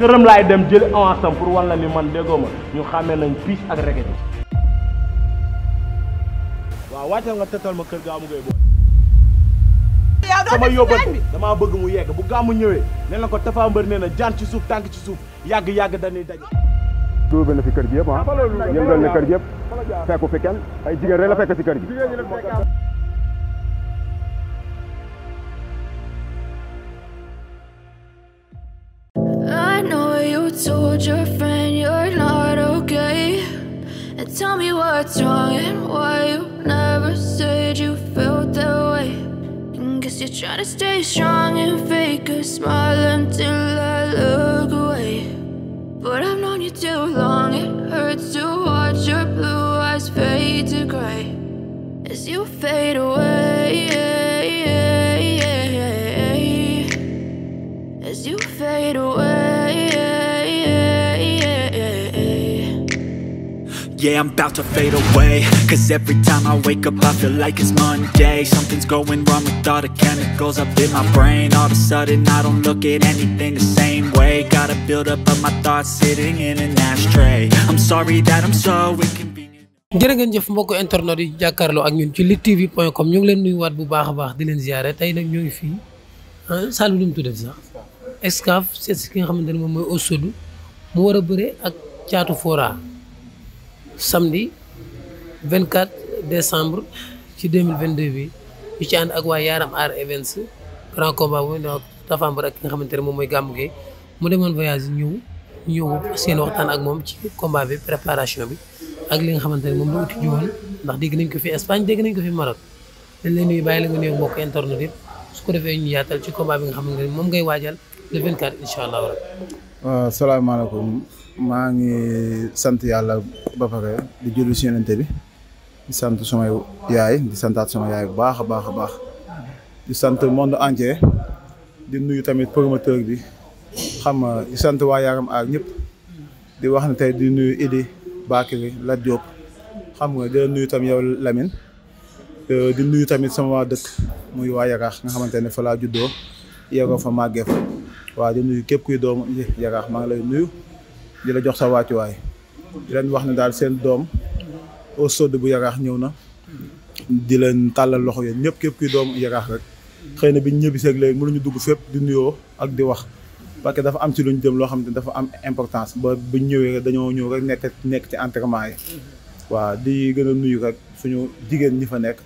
këram laay dem jël avance pour wan la ni man déggoo ma ñu xàmmee nañ piis ak reket bi waaw wàccal nga tëtal ma kër gaamu ngay booy sama yóbbal damaa bëgg mu yegg bu gàmmu ñëwee nee na ko Tapha Mbeur nee na jaan ci suuf tànk ci suuf yàgg-yàgg dañuy daje duubal na fi kër gi yëpp ah, ah yëngal na kër gi yëpp fekku fi kenn ay jigéen rek la fekk si kër gi told your not okay And tell me what's wrong and why you never said you felt that and guess you're trying to stay strong and fake a smile until I look away But I've known you too long, it hurts to watch your blue eyes fade to gray As you fade away Yeah, I'm about to fade away Cause every time I wake up I feel like it's Monday Something's going wrong with all the chemicals up a I don't look at anything the same way Gotta build up of my thoughts sitting in an ashtray I'm sorry internet yi jàkkaarloo ak ñun ci luttetv.com ñu ngi leen nuyuwaat bu baax a baax di leen ziare tey nag ñoo fii ah, salle bi lu mu tuddee sax Excaf seet si ki nga moom mooy Ousseynou mu war a bëre ak Thiatou Fora samedi 24 décembre ci 2022 bi ñu ci ànd ak waa Yaram Art Events grand combat bu ñu Tafambar ak ki nga xamante ne moom mooy Gamou Gueye mu demoon voyage ñëw ñëw seen waxtaan ak moom ci combat bi préparation bi ak li nga xamante ne moom la uti jiwoon ndax dégg nañ ko fi Espagne dégg nañ ko fi Maroc dañ leen nuyu bàyyi la mbokk internet yëpp su ko defee ñu yaatal ci combat bi nga xam ne moom ngay waajal le 24 incha allah. waaw salaamaaleykum maa ngi sant yàlla ba pare di julli si yonente bi di sant sama yaay di santaat sama yaay bu baax a baax a baax di sant monde entier di nuyu tamit promoteur bi xam nga di sant waa Yaram Art ñëpp wax ne tey di nuyu Idi Bakary Lat Diop xam nga di nuyu yow Lamine di nuyu tamit sama waa dëkk muy waa Yaraax nga xamante ne fa laa juddoo yeroo fa màggee fa waa di nuyu képp kuy doom Yarax maa lay nuyu di la jox sa wàccuwaay di leen wax ne daal seen doom Eau Chaude bu Yarax ñëw na di leen tàllal loxo yéen ñëpp képp kuy doom yaraax rek xëy na biñ ñëbbiseeg léegi mënuñu dugg fépp di nuyoo ak di wax parce que dafa am si lu luñ jëm loo xam ne dafa am importance ba buñ ñëwee dañoo ñëw rek nekk ci entraînement yi waa di gën a nuyu rek suñu jigéen ñi fa nekk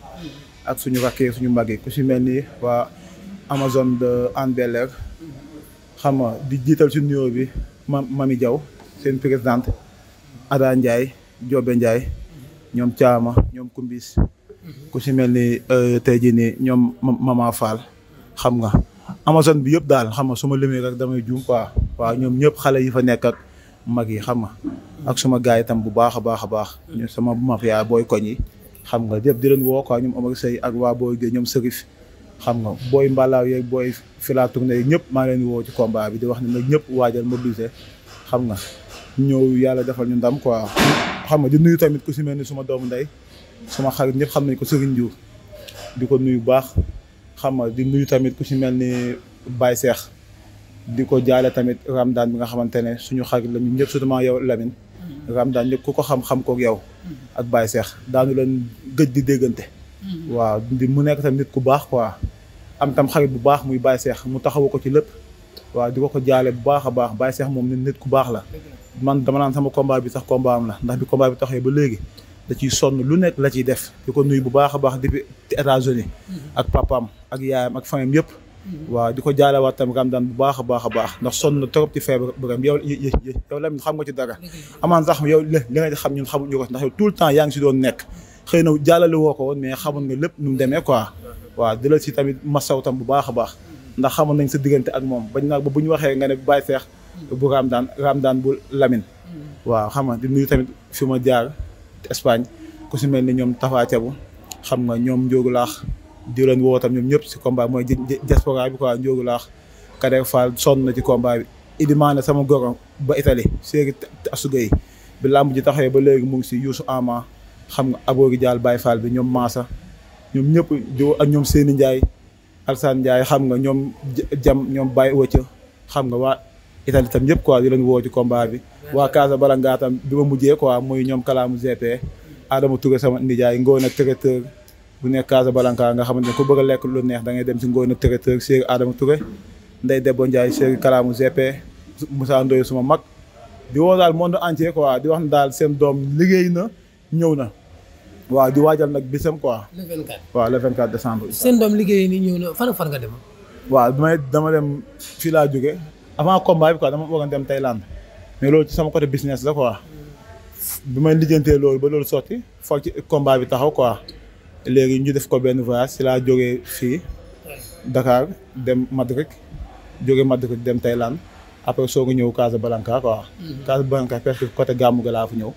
ak suñu rakk suñu mag yi ku si mel nii waa Amazone de Hann bel xam nga di jiital ci nuyoo bi mam Mami Diaw seen présidente Ada Ndiaye Jobe Ndiaye ñoom Caama ñoom Kumbis ku ci mel ni euh, tey jii nii ñoom xam nga Amazone bi yëpp daal xam nga su ma limee rek damay juum quoi ñoom ñëpp xale yi fa nekk ak mag yi xam nga ak suma gars yi tam bu baax a baax a baax ñu sama mafia booy koñ yi xam nga yëpp di leen woo quoi ñoom Omar Sey waa booy Guèye ñoom Serif xam nga booy mbalaaw yeeg booy fila tournée yi ñëpp maa leen woo ci combat bi di wax ne nag ñëpp waajal mobiliser xam nga ñëw yàlla defal ñu ndam quoi xam nga di nuyu tamit ku mel ni suma doomu ndey suma xarit ñëpp xam nañ ko Serigne Diouf di ko nuyu baax xam nga di nuyu tamit ku si mel ni baay Seex di ko jaale tamit Ramdaan bi nga xamante ne suñu xarit la ñun ñëpp surtout yow Lamine Ramdaan ñëpp ku ko xam-xam kook yow ak Baye Seex daanu leen gëj di déggante mm. waaw mu nekk tamit ku baax quoi am tam xarit bu baax muy Baye seex mu taxawu ko ci lépp waaw di ko ko jaale bu baax a baax Baye seex moom ne nit ku baax la man dama naan sama combat bi sax combat am la ndax bi combat bi taxee ba léegi ciy sonn lu nekk la ciy def di ko nuyu bu baax a baax depuis états mhm. ak papaam ak yaayam ak famem yëpp mhm. waaw di ko jaalewaat tam Ramdan bu baax a baax baax ndax sonn na trop ci feebaram yow yow Lamine xam nga ci dara amaan sax yow li nga xam ñun xamuñu ko ndax yow le temps yaa ngi si doon nekk xëy na jaalale woo ko woon mais xamoon nga lépp nu mu demee quoi waaw di la ci tamit masaw tam bu baax a baax ndax xamoon nañ sa diggante ak moom bañ naa ba bu ñu waxee nga ne baay Cheikh bu raam daan raam daan bu Lamine waaw xam nga di nuyu tamit fi ma jaar Espagne ku si ñoom Tafa Thiabu xam nga ñoom Ndiogu Laax di leen woo tam ñoom ñëpp si combat mooy diaspora bi ko Ndiogu Laax Kader Fall sonn na ci combat bi Idi ne sama goro ba Italie séeri asuga yi bi làmb ji taxawee ba léegi mu ngi si Youssou Ama xam nga aboogi jaal Baye Fall bi ñoom Maasa ñoom ñëpp jo ak ñoom Seyni Ndiaye Alsane Ndiaye xam nga ñoom jam ñoom Baye Wacca xam nga waa Italie tam ñëpp quoi di leen woo ci combat bi waa Casablanca tam bi ma mujjee quoi muy ñoom kalaamu GP Adama Touré sama nijaay Ngoone traiteur bu nekk Casablanca nga xamante ne ko bëgg a lekk lu neex da ngay dem si Ngoone traiteur Cheikh Adama Touré Ndeye Debbo Ndiaye Cheikh kalaamu GP Moussa ndoy suma mag di woo daal monde ko waa di wax ne daal seen doom liggéey na ñëw na waaw di waajal nag bisam quoi. le 24 waaw le 24 décembre. seen doom liggéey nii ñëw na fan fan nga dem. waaw damay dama dem fii laa jóge avant combat bi quoi dama bëggoon dem Thaïlande mais loolu ci sama côté business la quoi. bi may lijjantee loolu ba loolu sotti foog ci combat bi taxaw quoi léegi ñu def ko benn voyage ci laa jóge fii Dakar dem Madrid jógee Madrid dem Thaïlande. après soo ko ñëw Casablanca quoi. Mhm. Casablanca presque côté gàmmu ga laa fa ñëw.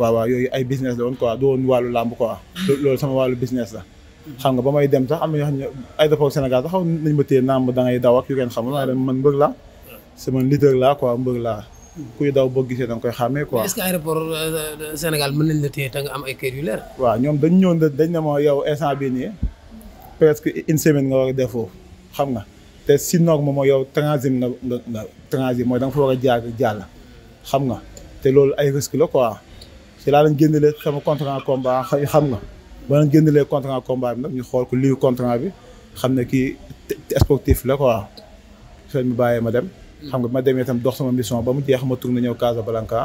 waaw waaw yooyu ay business la woon quoi du woon wàllu làmb quoi. Mhm. loolu sama wàllu business la. Mhm. xam nga ba may dem sax am na ñoo xam ne aéroport Sénégal sax ma téye naam da ngay daw ak yu kenn xamul man mbër laa. sama leader laa quoi mbër laa. kuy daw boo gisee da koy xàmmee quoi. est-ce que euh, Sénégal mën nañ la téye te am ay kër yu leer. waaw ñoom dañ ñëw dañ ne ma yow instant bii nii presque une semaine nga war a def xam nga te si norme mooy yow transit na nga nga transit mooy da nga fa war a jaar jàll xam nga te loolu ay risque la quoi si laa lañ génnelee sama contrat combat xam nga ba lañ lee contrant combat bi nag ñu xool ko lii contrant bi xam ne kii sportif la quoi soo mu bàyyee ma dem. xam nga ma demee tam dox sama mission ba mu jeex ma na ñëw Casablanca.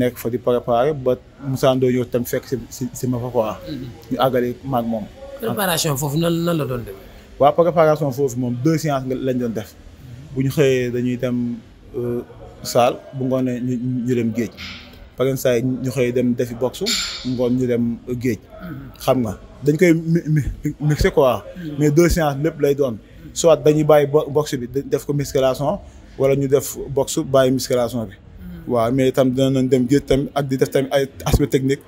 nekk fa di préparé ba Moussa Ndoye ñëw tam fekk si si ma fa quoi. Mm-hmm. ñu àggale maag moom. préparation foofu nan nan la doon demee. waaw préparation foofu moom deux séances lañ doon def bu ñu xëyee dañuy dem euh, salle bu ngoonee ñu ñu dem géej par saa yi ñu xëy dem defi boxe ngoon ñu dem géej xam nga dañ koy mixé quoi mais deux séances lépp lay doon soit dañuy bàyyi boxe bi def ko musculation wala ñu def boxe bàyyi musculation bi waaw mais itam dinañ dem géej tamit ak di def tamit ay aspect technique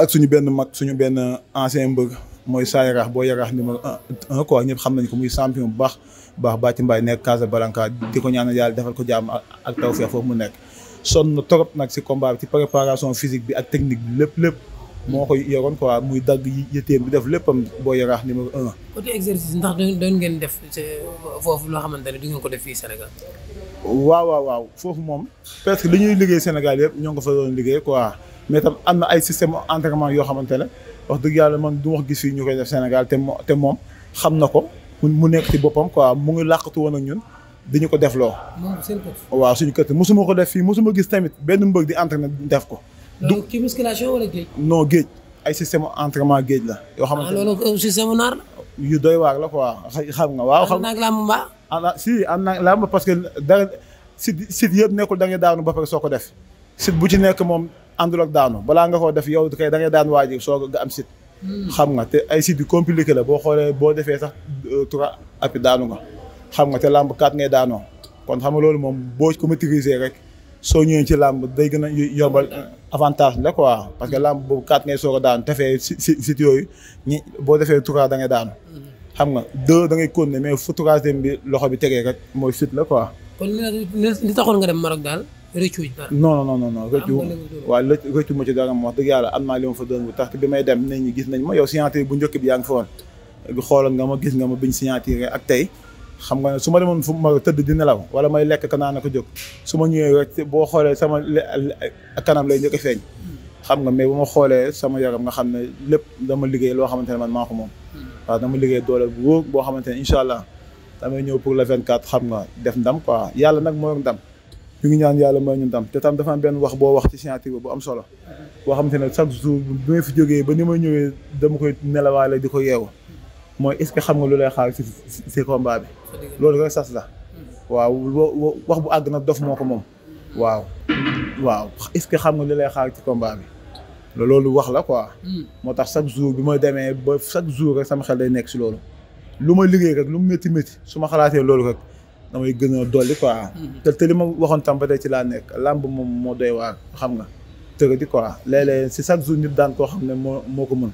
ak suñu benn mag suñu benn ancien mbëgg mooy saa yaraax boo yaraax numéro un un quoi ñëpp xam nañ ko muy champion bu baax baax Bathie Mbaye nekk Casablanca di ko ñaanal yàlla defal ko jàmm ak tawfeex foofu mu nekk sonn trop nag si combat bi ci préparation physique bi ak technique bi lépp lépp moo koy yoroon quoi muy dagg yëteem bi def léppam boo yaraax numéro un. Ah. côté exercice ndax doon ngeen def euh, foofu loo xamante ne du ngeen ko def fii Sénégal. waaw waaw waaw foofu moom presque li ñuy liggéey Sénégal yëpp ñoo ngi ko fa liggéey quoi mais tam am na ay système entraînement yoo xamante ne. wax dëgg yàlla man du wax gis fii ñu koy def Sénégal te te moom xam na ko mu nekk ci boppam quoi mu ngi làqatu woon ak ñun dañu ko def loo waaw suñu kër mosuma ko def fii mosuma gis tamit benn mbëg di entraîné def ko euh, du kii musculation wala géej non géej ay système géej la yoo ah, xamante ne loolu système naar la yu doy waar la xam nga waaw xam nga làmb mbaa ah si am naa parce que dara sit sit yëpp nekkul da nga daanu ba pare soo ko def sit bu ci nekk moom àndul ak daanu balaa nga koo def yow kay da ngay daan waajur soog nga am site. Hmm. xam nga te ay site yu compliqué la boo xoolee boo defee sax euh, trois appuis daanu nga xam nga te làmb quatre ngay daanoo kon xam nga loolu moom boo ko maîtriser rek soo ñëwee ci làmb day gën a yombal euh, avantage la waa parce que làmb boobu quatre ngay soo ko daan tefee si si yooyu ñi boo defee trois da ngay daanu. Hmm. xam nga deux da ngay ne mais fu troisième bi loxo bi tegee rek mooy site la quoi. kon taxoon nga dem Maroc daal. rëccu dara non non non non rëccu waaw rëccu ma ci dara moom wax dëgg yàlla am naa li ma fa doon bu tax te bi may dem ne ñi gis nañ ma yow signature bu njëkk bi yaa ngi fa woon nga ma gis nga ma biñ signature ak tey xam nga ne su ma demoon fu ma tëdd di nelaw wala may lekk naa na ko jóg su ma ñëwee rek boo xoolee sama kanam lay njëkk a xam nga mais bu ma xoolee sama yaram nga xam ne lépp dama liggéey loo xamante ne man maa ko moom hmm. waaw dama liggéey doole bu wóor boo xamante ne incha allah damay ñëw pour le 24 xam nga def ndam quoi yàlla nag moo yor ndam ñu ngi ñaan yàlla may ñun tam te tam dafa am benn wax boo wax ci scientifique bu am solo boo xam te ne chaque jour bi fi jógee ba ni ma ñëwee dama koy nelawaale di ko yeewu mooy est-ce que xam nga lu lay xaar ci ci combat bi loolu rek sas la waaw wax bu àgg na dof ko moom waaw waaw est-ce que xam nga li lay xaar ci combat bi loolu wax la quoi hmm. moo tax chaque jour bi ma demee ba chaque jour rek sama xel day nekk si loolu lu ma liggéey rek lu mu métti métti su ma xalaatee loolu rek damay gën a dolli quoi. Hmm. te te li ma waxoon tam ci laa nekk làmb moom moo doy waar xam nga tëgg di quoi léeg si chaque jour nit daan ne moo moo ko mën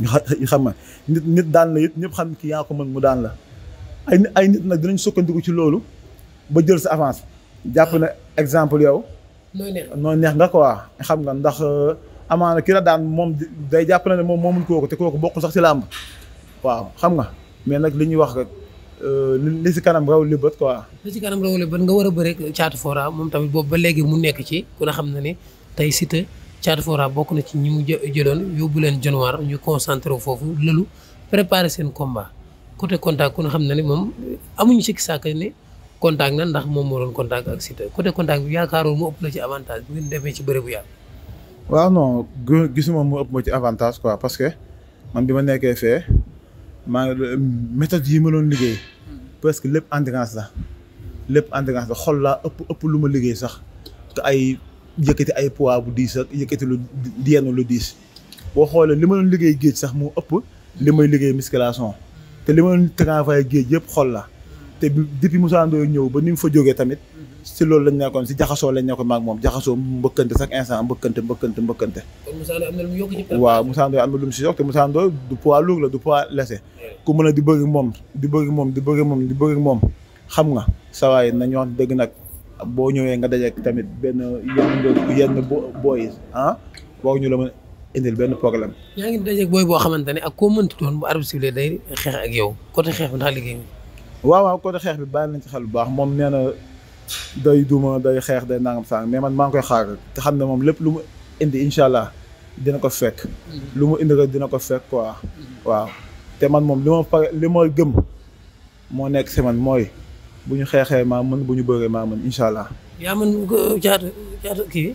ñu xam nga nit nit daan la it ñëpp xam ki yaa ko mën mu daan la ay ay nit nag dinañ sukkandiku ci loolu ba jël sa avance. jàpp na exemple yow. noo neex noo neex nga quoi xam nga ndax euh, amaana ki la daan moom day jàpp na ne moom mun kooku te kooku bokkul sax ci làmb waaw xam nga mais nag li ñuy wax rek Euh, li si kanam raw li bët quoi. li si kanam raw li bët nga war a bëre caatu fora moom tamit boobu ba léegi mu nekk ci ku ne xam na ni tey Siteu caatu fora bokk na ci ñi mu jëloon yóbbu leen januar ñu concentré foofu lëlu préparé seen combat côté contact ku ne xam na ne moom amuñu sikki sàkk ni contact na ndax moom moo doon contact ak Siteu côté contact bi yaakaaroon mu ëpp la ci avantage bu ngeen demee ci bëre bu yàgg. waaw non gis mu ëpp ma ci avantage quoi parce que man bi ma nekkee maa ngi euh, méthode yi ma doon liggéey presque lépp endurance la lépp endurance la xol laa ëpp ëpp lu ma liggéey sax te ay yëkkati ay poids bu diis ak yëkkati lu di yenn lu diis boo xoolee li ma doon liggéey géej sax moo ëpp li may liggéey musculation te li ma doon travail géej yëpp xol la te depuis Moussa Ndoye ñëw ba ni mu fa jógee tamit si loolu lañ nekkoon si jaxasoo lañ nekkoon maag moom jaxasoo mbëkkante chaque instant mbëkkante mbëkkante mbëkkante. kon Moussa Ndoye am na lu mu yokk ci. waaw Moussa Ndoye am na lu mu si yokk te Moussa Ndoye du poids lourd la du poids léger. ku mën a di bëgg moom di bëgg moom di bëgg moom di bëgg moom xam nga saa waay nañu wax dëgg nag boo ñëwee nga daje tamit benn yenn yenn booy ah boog ñu la mën indil benn problème. yaa ngi dajeeg booy boo xamante ne ak koo mënti doon bu arbitre sifflé day xeex ak yow côté xeex bi ndax liggéey nga. waaw waaw côté xeex bi bàyyi nañ ci xel bu baax moom nee na day duma day xeex day nangam sàng mais man maa ngi koy xaar te xam ne moom lépp lu mu indi incha allah dina ko fekk mm-hmm. lu mu indi rek dina ko fekk quoi mm-hmm. waaw te man moom li ma pare li ma gëm moo nekk si man mooy bu ñu xeexee maa mën bu ñu bëree maa mën incha allah yaa mën jaatu jaatu kii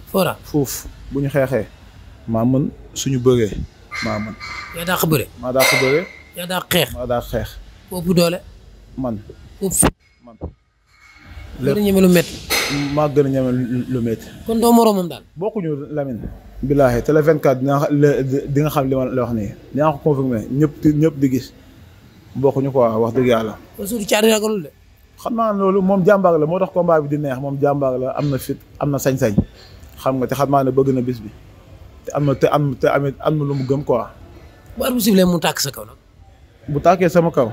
foofu bu ñu xeexee maa mën suñu bëree maa mën yaa dàq bëre maa dàq xeex maa xeex ëpp doole man ëpp man lépp ñeme lu métti. maa gën a ñeme lu métti. kon doo moroomam daal. bokkuñu Lamine. billaahi te le 24 dinaa di nga xam li ma la wax nii dinaa ko confirmé ñëpp ñëpp di gis bokkuñu quoi wax dëgg yàlla. kon suuf caari xam naa loolu moom jàmbaar la moo tax combat bi di neex moom jàmbaar la am na fit am na sañ-sañ xam nga te xam naa ne bëgg na bis bi te am na te am te amit am na lu mu gëm quoi. bu arbitre sifflee mu tàkk sa kaw bu tàkkee sama kaw.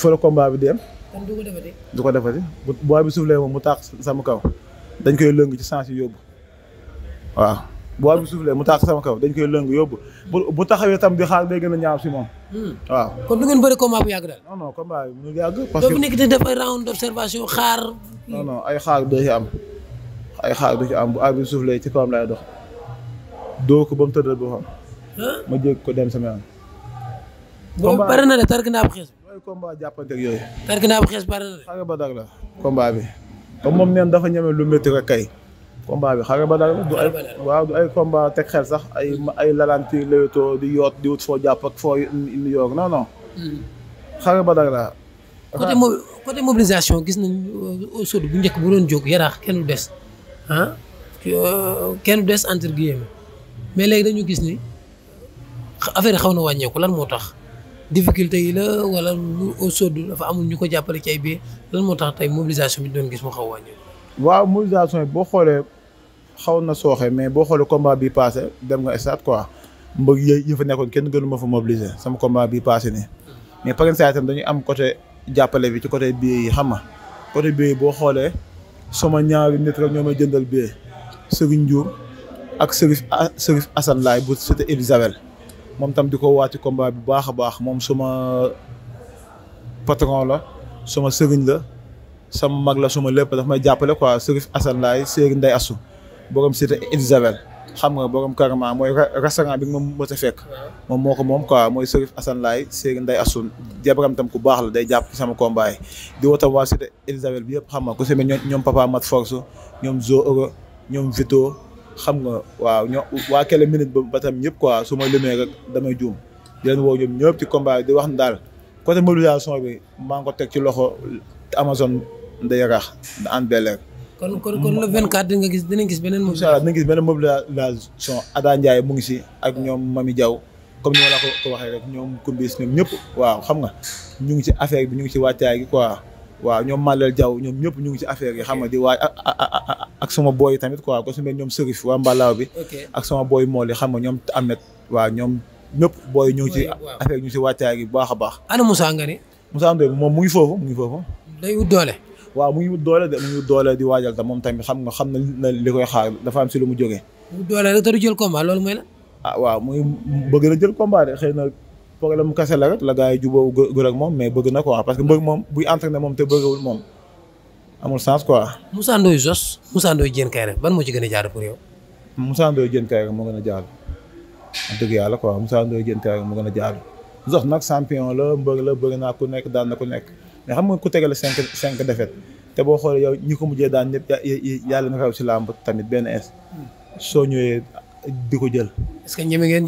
fa la combat bi dem. kon du ko defati. du ko defati bu booy bi mu taax sama kaw dañ koy lëng ci sens yi yóbbu waaw booy mu taax sama kaw dañ koy lëng yóbbu bu bu taxawee tam di xaar day gën a ñaaw si moom. Hmm. waaw kon du ngeen bëri combat bu yàgg daal. non parce que doo fi nekk di def ay xaar. non ay xaar doo am ay xaar doo am bu booy bi ci kawam lay dox doo ko ba mu tëddal boo xam. ma jéggi ko dem sama yoon. boobu pare na de tarki naa bu xees. ay combat yooyu. fekk naa bu xees pare la. xare moom neen dafa ñeme lu métti rek kay. combat bi xare ba waaw ay combat teg sax ay ay lalanti di yoot di foo jàpp foo indi yoog non hmm. ba dag la. côté mo mobilisation gis nañ euh, Sodou bu njëkk bu doon jóg yaraax kenn du des ah euh, kenn des entre guillemets mais léegi dañu gis ni affaire xaw na wàññeeku lan moo tax. difficulté yi la wala lu au dafa amul ñu ko jàppale ci ay biir lan moo tax tey mobilisation bi doon gis mu xaw a waaw mobilisation yi boo xoolee xaw na sooxe mais boo xoolee combat bii passé dem nga stade quoi mbëg yi fa nekkoon kenn gënu ma fa mobiliser sama combat bii passé nii. mais par exemple itam dañuy am côté jàppale bi ci côté billet yi xam nga côté billet yi boo xoolee sama ñaari nit rek ñoo may jëndal billet Serigne Ndiour ak Serif ah, Serif Assane Laye bu cité Elisabeth. moom tam di ko wàcc combat bu baax a baax moom suma patron la suma sëriñ la sama mag la suma lépp daf may jàppale quoi Serif Assane laay Serigne Ndeye Assou borom cité Elisabeth xam nga borom karama mooy restaurant bi nga ma fekk moom moo ko moom quoi mooy Serif Assane laay Serigne Ndeye Assou tam ku baax la day jàpp sama combat di woo tam waa cité Elisabeth bi yëpp xam nga ku seme ñoom papa mat force ñoom zo euro ñoom vito xam nga waaw ñoo waa kele minute ba ba tam ñëpp quoi su ma limee rek damay juum di woo ñoom ñëpp ci combat di wax na daal côté mobilisation bi maa ngi ko teg ci loxo Amazon Ndeye Rax na ànd belleer kon kon kon le 24 di nga gis dinañ gis beneen. incha allah dinañ gis beneen mobilisation Ada Ndiaye mu ngi si ak ñoom Mami jaw comme ni ma la ko waxee rek ñoom Kumbis ñoom ñëpp waaw xam nga ñu ngi ci affaire bi ñu ngi ci wàccaay gi quoi. waaw ñoom Malal jaw ñoom ñëpp ñu ngi ci affaire yi xam nga di waay ak sama booy tamit quoi ko su mel ñoom Serif waa Mbalaaw bi ak sama booy mool yi xam nga ñoom Amet waaw ñoom ñëpp booy ñu ngi ci affaire ñu ngi ci wàccaay gi bu baax a baax ana Moussa nga ne Moussa moom mu ngi foofu mu ngi foofu day wut doole waaw mu ngi wut doole de mu ngi di waajal tam moom tamit xam nga xam na li koy xaar dafa am si lu mu jógee. doole rek te du jël combat loolu mooy la. ah waaw mu ngi bëgg na jël combat de xëy na problème mu kese la rek la gars yi jubóowu gë ban moo ci gën a jaadu pour yow. Moussa Ndoye Diène Kaïré moo gën a jaadu wax dëgg yàlla quoi Moussa Ndoye Diène Kaïré moo gën a jaadu Jos nag champion la mbër la bëgg naa ku nekk daan na ku nekk mais xam nga ku tegale cinq cinq défaites te boo xoolee yow ñi ko mujjee daan ñëpp yàlla na raw si làmb tamit benn es soo ñëwee di ko jël. est-ce que ñeme ngeen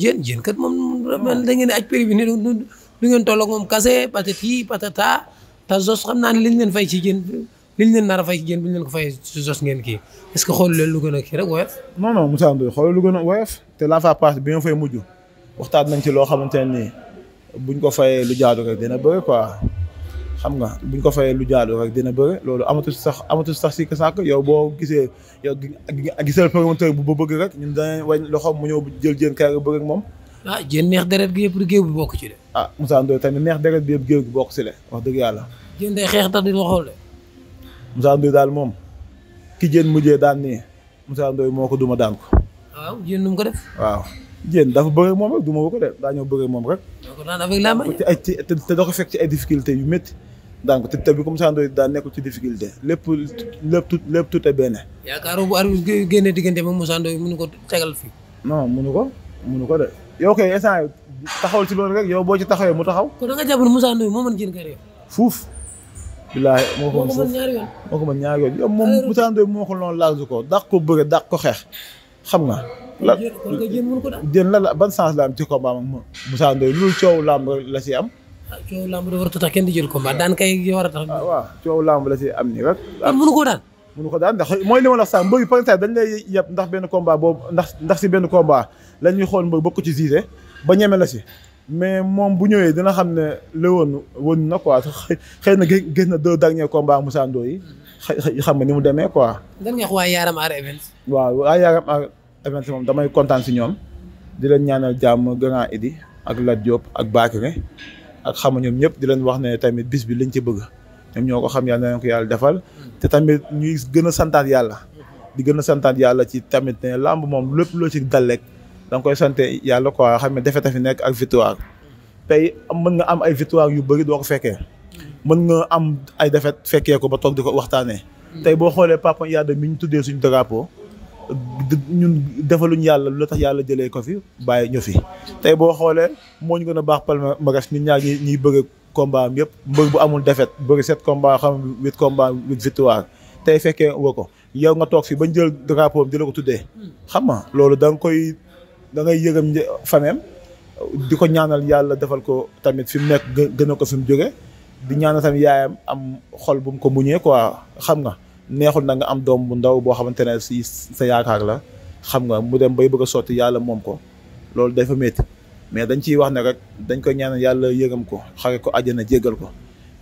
moom man ngeen aj prix bi ni du du ngeen tolloog moom kase patati patata te Zoss xam naa ne liñ leen fay ci jën liñ leen nar fay ci jën bu ñu leen ko fay ci ngeen kii est que xool leen lu gën a kii rek woyof non non Moussa Ndoye xool lu gën te la fa passe bi nga fay mujj waxtaan nañ ci loo xamante ne nii buñ ko fayee lu jaadu rek dina bëri quoi xam nga buñ ko fayee lu jaadu rek dina bëri loolu amatul sax amatul sax si kasaak yow boo gisee yow gisal promoteur bu ba bëgg rek ñun danañ wañ loxo mu ñëw jël jën kay bëgg ak moom ah jën neex deret gi yëpp di géew bi bokk ci de. ah Moussa Ndoye tamit neex deret bi yëpp géew bi bokk si de wax dëgg yàlla. jën day xeex tax di la xool de. Moussa Ndoye daal moom ki jën mujjee daan nii Moussa Ndoye moo ko duma daan ko. waaw jën nu ko def. waaw jën dafa bëre moom rek duma ko de daa ñëw bëre moom rek. donc daan dafay laa may. te ay te da ci ay yu métti daan ko te te bi comme Moussa Ndoye daan nekkul ci difficulté lépp lépp tout lépp tout benn. yaakaaroo bu arbitre génnee diggante moom Moussa Ndoye mënu ko tegal fii. non mënu ko mënu ko de yow kay instant ci loolu rek yow boo ci taxawee mu taxaw. kon da nga jàpp ne Moussa Ndoye moo mën Diène moo ko mën fuuf moo ko mën ko noonu laaj ko dàq ko bëgg ko xeex xam nga. la Diène la ban sens la am ci combat ak Moussa Ndoye loolu coow làmb la si am. ah coow làmb da a tax di jël combat daan kay war a tax. ah la si am nii rek. ah mënu ko daan. mënu ko daan mooy li ma la wax sànq mbëri par dañ lay yeb ndax benn combat boobu ndax ndax si benn combat la ñuy xool mbër ba ko ci gisee ba ñeme la si mais moom bu ñëwee dina xam ne la woon woon na quoi xëy na gis na deux derniers ko Moussa Ndoye yi xëy xam nga ni mu demee quoi. lan nga wax waa Yaram Events. waaw waa Yaram Art moom damay kontaan si ñoom di leen ñaanal jàmm grand Idi ak Lat Diop ak Bakary ak xam ñoom ñëpp di leen wax ne tamit bis bi lañ ci bëgg. ñoom ñoo ko xam yàlla na ko yàlla defal te tamit ñuy gën a santaat yàlla di gën a santaat yàlla ci tamit ne làmb moom lépp loo ci dal danga koy sante yàlla quoi xam ne defeta fi nekk ak victoire tey mën nga am ay victoire yu bëri doo ko fekkee mën nga am ay defet fekkee ko ba toog di ko waxtaanee tey boo xoolee Papa Yade mi ñu tuddee suñu drapeau ñun defaluñ yàlla lu yàlla jëlee ko fi bàyyi ñu fi tey boo xoolee moo ñu gën a baax palmarès ñun ñaar ñi ñuy bëgg combat am yëpp mbër bu amul défaite bëri sept combat xam huit tey fekkee woo ko yow nga toog fi bañ jël drapeau am di la ko tuddee xam nga loolu da nga koy da ngay yëgam fameem di ko ñaanal yàlla defal ko tamit fi mu nekk gën ko fi jóge di ñaanal tamit yaayam am xol bu mu ko muñee quoi xam nga neexul na nga am doom bu ndaw boo xamante ne si sa yaakaar la xam nga mu dem bay bëgg sotti yàlla moom ko loolu day fa métti mais dañ ciy wax ne rek dañ koy ñaanal yàlla yëgëm ko xare ko àjjana jéggal ko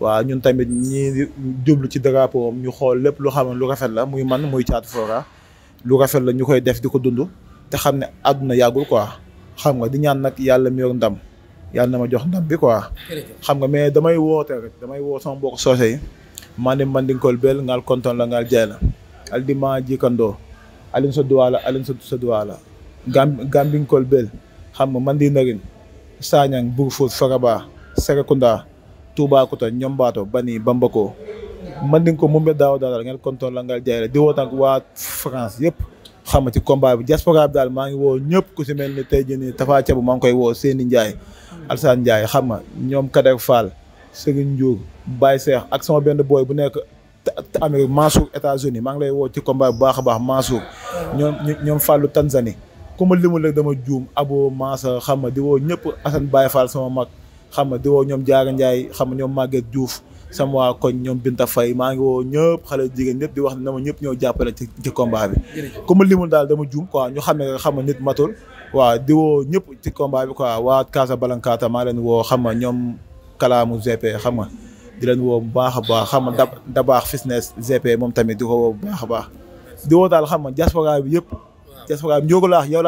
waa ñun tamit ñi jublu ci drapeau am ñu xool lépp lu xam lu rafet la muy man muy caatu fooraa lu rafet la ñu koy def di ko dund te xam ne àdduna yàggul quoi xam nga di ñaan nag yàlla mi yor ndam yàlla na ma jox ndam bi quoi. xam nga mais damay woote rek damay woo sama mbokk soose yi. man di nga bel ngal kontoon la ngal jaay la. al di maa jikandoo. alin sa duwaala alin sa sa duwaala. gam xam nga man di narin Saañang Burfut Faraba Serekunda Tuubaakuta Ñombaato Bani Bambako man di nga ko mu mbir daaw daal ngeen kontoon la ngal jaay la di woo nag waa France yëpp. xam ci combat bi diaspora daal maa ngi woo ñëpp ku si mel ni tey jii nii Tafa bu maa ngi koy woo seeni Ndiaye. Mm. Alsaan Ndiaye xam nga ñoom Kader Fall. Serigne Ndiour Baye Cheikh ak sama benn boy bu nekk Amérique Mansour États-Unis maa ngi lay woo ci combat bu baax a baax Mansour. Mm. ñoom ñoom Fallou Tanzanie. ku ma limul rek dama juum aboo Mansa xam nga di woo ñëpp Assane baay Fall sama mag xam di woo ñoom Diarra Ndiaye xam nga ñoom màgget Diouf. sama koñ ñoom Binta Faye maa ngi woo ñëpp xale jigéen ñëpp di wax ne ma ñëpp ñëw ma limul daal dama juum quoi ñu xam ne xam nga nit matul waaw di woo ñëpp ci combat bi quoi waa Casablanca maa ñoom bu a baax xam nga da baax fitness GP moom tamit di ko woo bu baax a baax di woo daal xam nga diaspora bi yëpp diaspora bi njóogu laax yow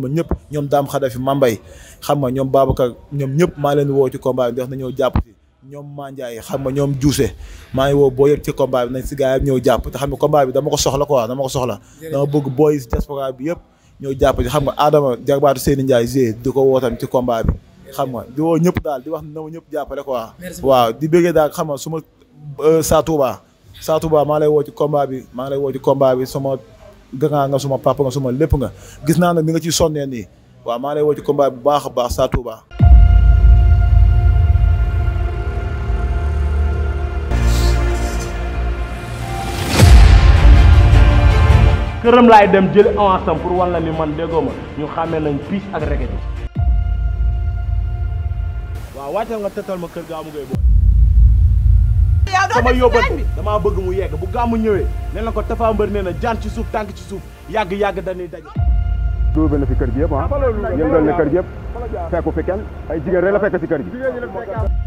ma ñëpp ñoom daam xadafi Mambay xam nga ñoom Babacar ñoom ñëpp maa leen woo ci combat bi di wax na ñëw jàpp ci ñoom mandiaye xam nga ñoom juuse maa ngi wow boo yëpp ci combat bi nañ si gars yi ñëw jàpp te xam ne combat bi dama ko soxla quoi dama ko soxla dama bëgg booy si diaspora bi yëpp ñoo jàpp ci xam nga Adama jagbaatu Seyni Ndiaye g di ko wootam ci kombaa bi xam nga di woo ñëpp daal di wax na ma ñëpp jàppale quoi waaw di bëggee daal xam nga su ma euh, Sa Touba Sa maa lay woo ci combat bi maa lay woo ci combat bi suma grand nga suma papa nga suma lépp nga gis naa nag ni nga ci sonnee nii waaw maa lay woo ci combat bi bu baax a baax Sa Touba këram laay dem jël avance pour wan la ni man déggoo ma ñu xàmmee nañ piis ak reket bi waaw wàccal nga tëtal ma kër gaamu ngay booy sama yóbbal damaa bëgg mu yegg bu gàmmu ñëwee ne na ko Tapha Mbeur nee na jaan ci suuf tànk ci suuf yàgg-yàgg dañuy daje dóor na fi kër gi yëpp ah, ah yëngal na kër gi yëpp fekku fi kenn ay jigéen rek la fekk si kër gi